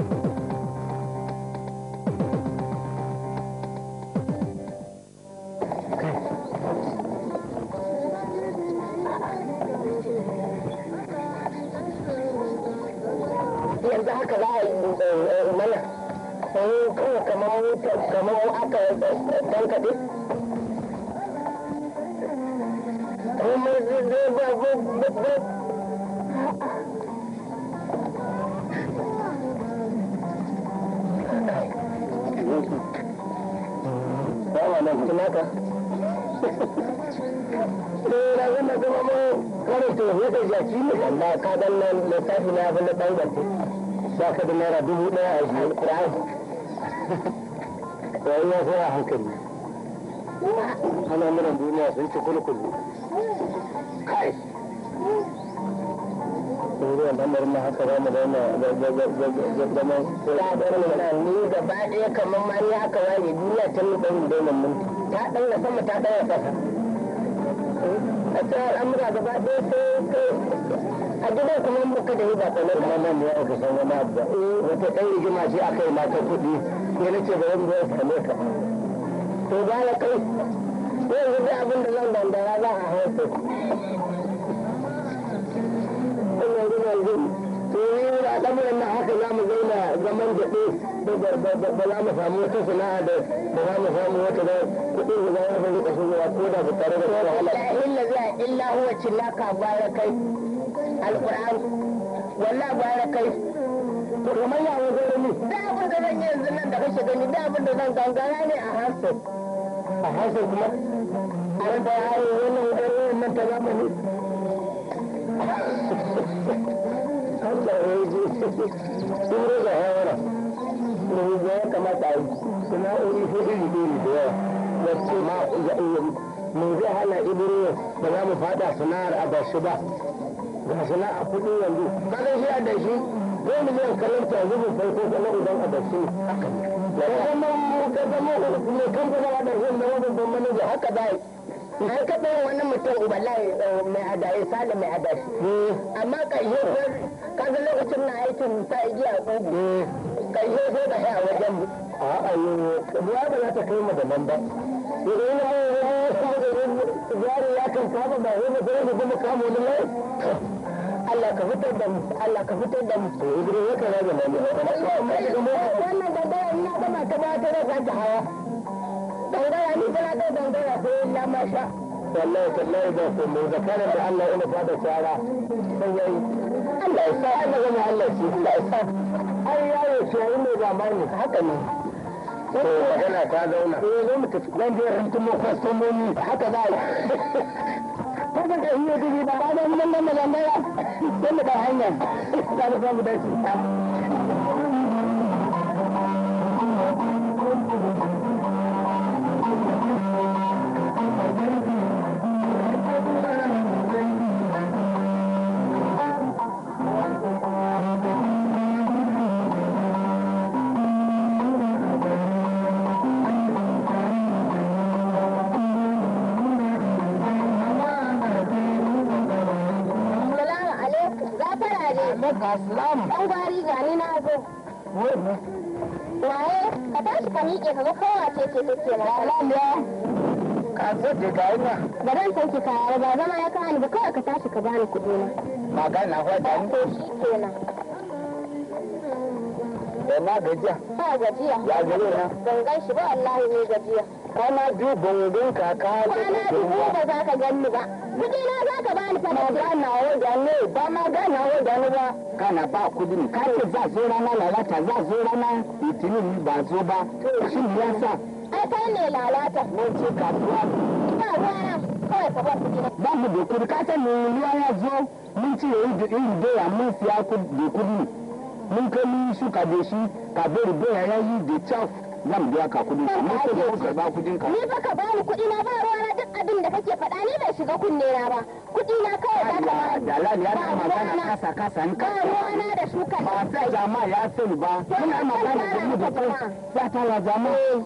yanzu haka za a ba wannan fitin naka na zama kuma mu ya jaki ne ka dan nan na abin da dan ka da naira dubu daya a jiya ƙura'an ya a hankali al'amuran duniya sun ci kulkulu kai ruwan lamar ma haka za mu zauna zama ko haka waye duniya ta mu ɗan daina mun ta ɗaura sama ta eh, a gidan kuma muka da ba tsanar kuma nan ne aka san wani abu ba eh. wata ɗan rigima ce aka yi mata kuɗi ya nace ba wani zai same ka to ba na kai yanzu da abin da zan bandara za a haifa ba za mu samu wata sana'a da ba za mu samu wata da za mu rika ko da tare da Illa illa huwa cillaka kai walla kai. To ni. Da abin da zan yanzu nan da kashe gani da abin da zan gangara ne a hansar. A kuma? wannan wannan nan ta zamani. Allah ya yi Sun rage hawara. ne ya kamata a sana'o'i ko iri iri da yawa wacce ma me zai hana ibirin ba za mu fada sana'ar a bashi ba ga sana'a kuɗi yanzu kaga shi a da shi mu zai kalanta zubin farko kuma idan a da shi haka ne ka zama ka zama mai kamfanin a da na wani ban manaja haka ba an ka ɗaya wani mutum wallahi eh, mai adayi sale mai adashi eh. amma ka yi ka lokacin na aikin ta igiya ƙugu ƙarshe sai da kai a wajen mu a a yi ya ba ta kai mu da nan ba idan yana yi yaro ya kan kama ba wani gurin da kuma kama wani lai Allah ka fitar da mu Allah ka fitar da mu to idan ya kana da nan wannan dangara ina ga ta ba ta da ta hawa dangara ni da dangara masha wallahi tallahi ba da Allah ina fada tsara sai yayi Allah ya sa sa ai yayo ce da rantun mu kwastomomi haka yi ko Ahmad Aslam. Dan gwari gani na zo. Waye ka tashi ka miƙe ka ga kowa ce ce take na. Salam ya. Ka zo da gani na. Ba zan san ki kaya ba zama ya kawo ni ba kawai ka tashi ka bani kuɗi na. Magana hwa da ni. Ko shi kenan. Bai gajiya. Ba gajiya. Ya gare na. Ban gan shi ba wallahi ne gajiya. Kwana biyu ban gan ka ka. Kwana biyu ba za ka gan ni ba. Kuɗi na za ka bani fa. Ba na da ne ba ma ganawa da ni ba. Kana ba kuɗi ne. Ka ce za zo rana lalata za zo rana litinin ba zo ba. Shin ya sa. Ai kai ne lalata. Mun ce kasuwa. Ina ruwa kawai ka ba kuɗi. Ba mu da kuɗi ka san ne ruwa ya zo mun ce yayi da irin doya mun siya kuɗi da mun kai su kabe shi kabe ribe ya yi da chaf zan biya ka kudin ka mun kai mun karba kudin ka ni baka ba ni kudi na ba ruwa na duk abin da kake faɗa ni bai shiga kunne na ba kudi na kawai da ka da Allah ya na magana kasa kasa ni ka ruwa na da ba sai jama'a ya sani ba muna magana da mu da kai ya tala jama'a eh.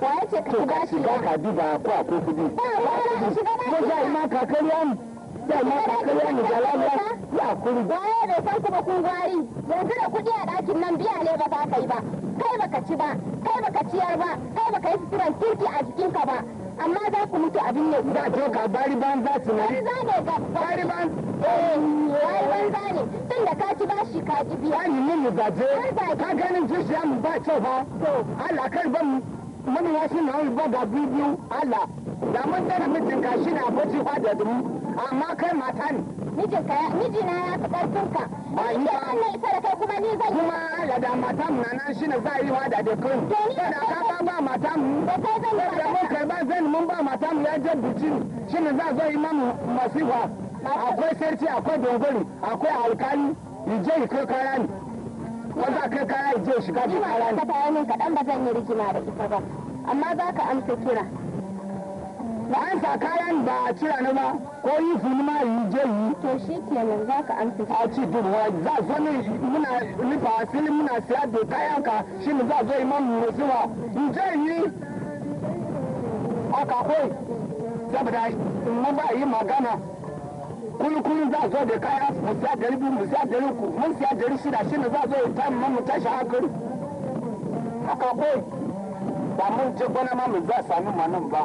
wa yace ka shiga ka duba ko a ko kudi ko ga ina kakariya dama ba ka yi ni galariya ya kuri ba ya bai san ku kun gwari yanzu da kuɗi a dakin nan biya ne ba za ka yi ba kai baka ci ba kai baka ciyar ba kai baka yi suturan kirki a jikinka ba amma za ku mutu abin ne ba to ka bari ban za za ne ga bari ban eh ban za ne tun da ka ci ba shi ka ji biya mun ka ganin zuciya mu ba kyau fa to Allah kar ban mun ya shi na ba ga bibiyu Allah da mun ka shi na bace kwa da dumu amma kai mata ne mijinka ya mijina ya fi karfin ba yi ba ne isa da kai kuma ni zan yi kuma da da mata mu nan shine a yi wa da da kai da da ka ba mata mu da kai zan ba da mun kai ba zan mun ba mata mu ya shi shine za zo yi mamu masifa akwai sarki akwai dongori akwai alkali ije kai kaya ne wanda kai kaya ije shiga da kaya ne ka kaɗan ba zan yi rigima da ita ba amma za ka amsa kira da an sa kayan ba a cira ni ba ko yi su ma yi je yi to shi kenan za ka amsa a ci durwa za zo ni muna nufa asili muna siya da kayan ka shi mu za zo imam musuwa in je yi a kakwai saboda mun ba yi magana kulkulu za zo da kaya mu siya dari biyu mu siya dari uku mun siya dari shida shi ne za zo yi ta mu tashi hankali a kakwai ba mun je gwana ma mu za sami manan ba.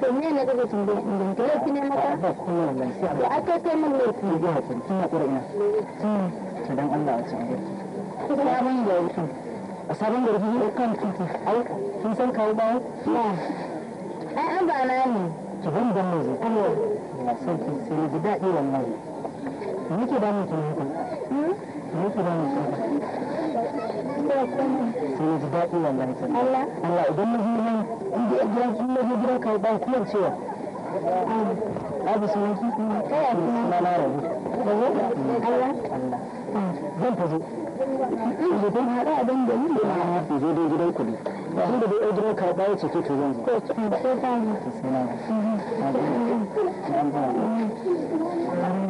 to ne na gaba sun bai sun ai kai kai laifi ne a cikin kuma ya san kawo bawo na ai an ba na sai na ji daɗin Allah Allah idan da gidan in na gidan ka ban kuwar cewa Abu kai a na na rabu Allah zan don haɗa da na zo don gidan kuɗi dai karɓa ya ce to zan zo ko ta ne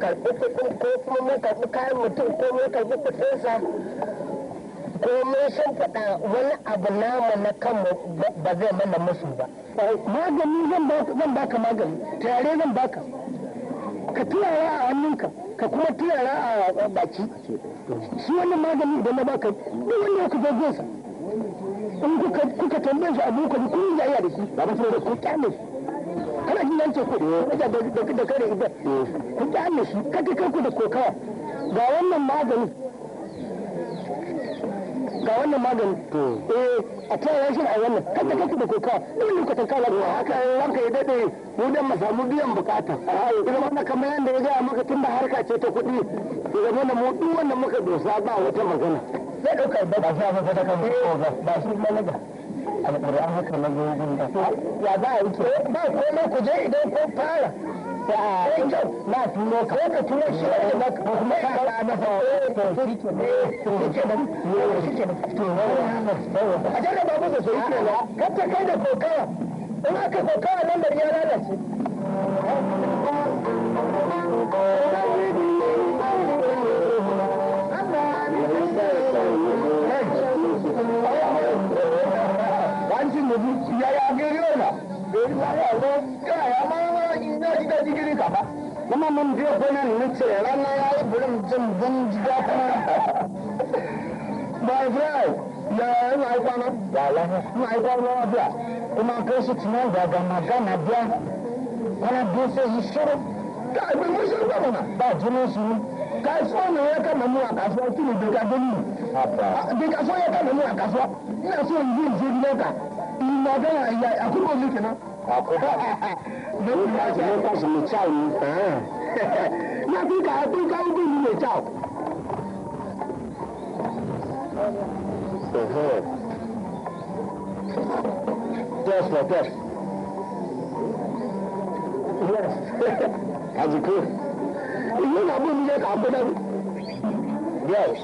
karɓi kuɗin ko kuma mun karɓi kayan mutum ko mun karɓi kuɗinsa ko mun san faɗa wani abu namu na kanmu ba zai mana musu ba magani zan baka magani tare zan baka ka turara a hannunka ka kuma turara a baki shi wani magani da na baka duk wanda ku zo sa in kuka tambaye shi abu kuma kun yi da shi ba ba da ku kyale kana jin nan ku eh. da kare idan eh. ku ta shi kake kanku da kokawa ga wannan magani ga wannan magani eh a tayar shi a wannan kada kake da kokawa duk lokacin ka lafiya haka ranka ya dade mu dan mu samu biyan bukata idan wannan kamar yanda ya ga maka tunda harka ce ta kuɗi to zama na mu duk wannan muka dosa ba wata magana sai daukar ba ba sai ba ta kan ba ba shi eh. managa alƙur'an haka na gogon da ya a eh, komai ku je idan kun fara eh, na tuno ka ka tuno shi eh, ne kuma ka ba na fa to shi shi ne ne to a jarraba kai da kokawa in aka kokawa nan da kuma mun biyo gonan na ce rana ya yi burin jin ban ji daɗi ba israel ah, ya yi ma'aikwa na ma'aikwa na wafiya ah. kuma kai shi tunan daga magana biya wani biyu sai yi shiru ka abin mun shiru ba mana ba jinin shiru kasuwa ne ya kama mu a kasuwa kini bai ka gani bai kasuwa ya kama mu a kasuwa ina so yi yin jiri naka in magana ya akwai ba mu kenan akwai ba da mu ba su mu cawo na duka duka ubin ne kyau Yes, like that. Yes. Kaji ko? Ina abin ne ka abu Wow.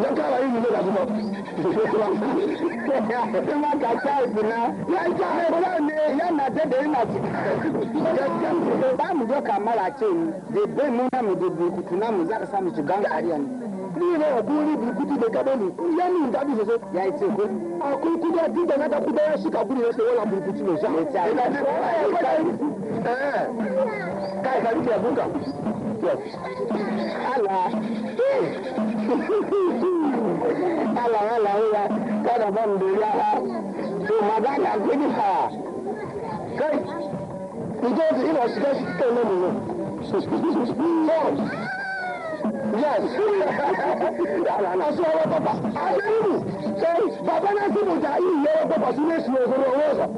Wọ́n kára yìí nílé ìdàgbọ́. Ṣé wọ́n kà sá ìsìn náà? Yá ìsá ìbúlá ni ìyá nà dédé nà sí. Ba mu zo ka mara ce ni, da bai mu na mu da burkutu na mu za ka samu shigan kariya ne. Ni ne buri burkutu da gado ne, ya ni da bi sosai. Ya yi ce ko akwai kuda duk da naka kuda ya shika gudu ya sai wala burkutu ne sha kai ka rike abunka Allah Allah Allah ya kada ban doriya to magana gidi ha kai ido ina shiga shi kai ne ne aṣọ ọwọ́ pọ̀pọ̀ adéhùn ṣe bàbá náà sì mú jà yìí yẹ ọwọ́ pọ̀pọ̀ sílé ṣù ògòrò owó ọ̀sán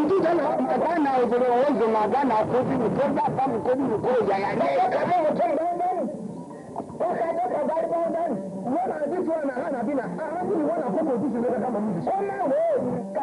ìdí ìdáná ẹ̀ka náà ògòrò owó ọ̀sán máa gbá náà kó bínú kó bá bá mi kó bínú kó ìyá yá ní. ọkọ̀ bá mi tó ń bá ń bá mi ọkọ̀ bá mi tó ń bá ń bá mi wọ́n náà bí tí wọ́n náà hàn àbí náà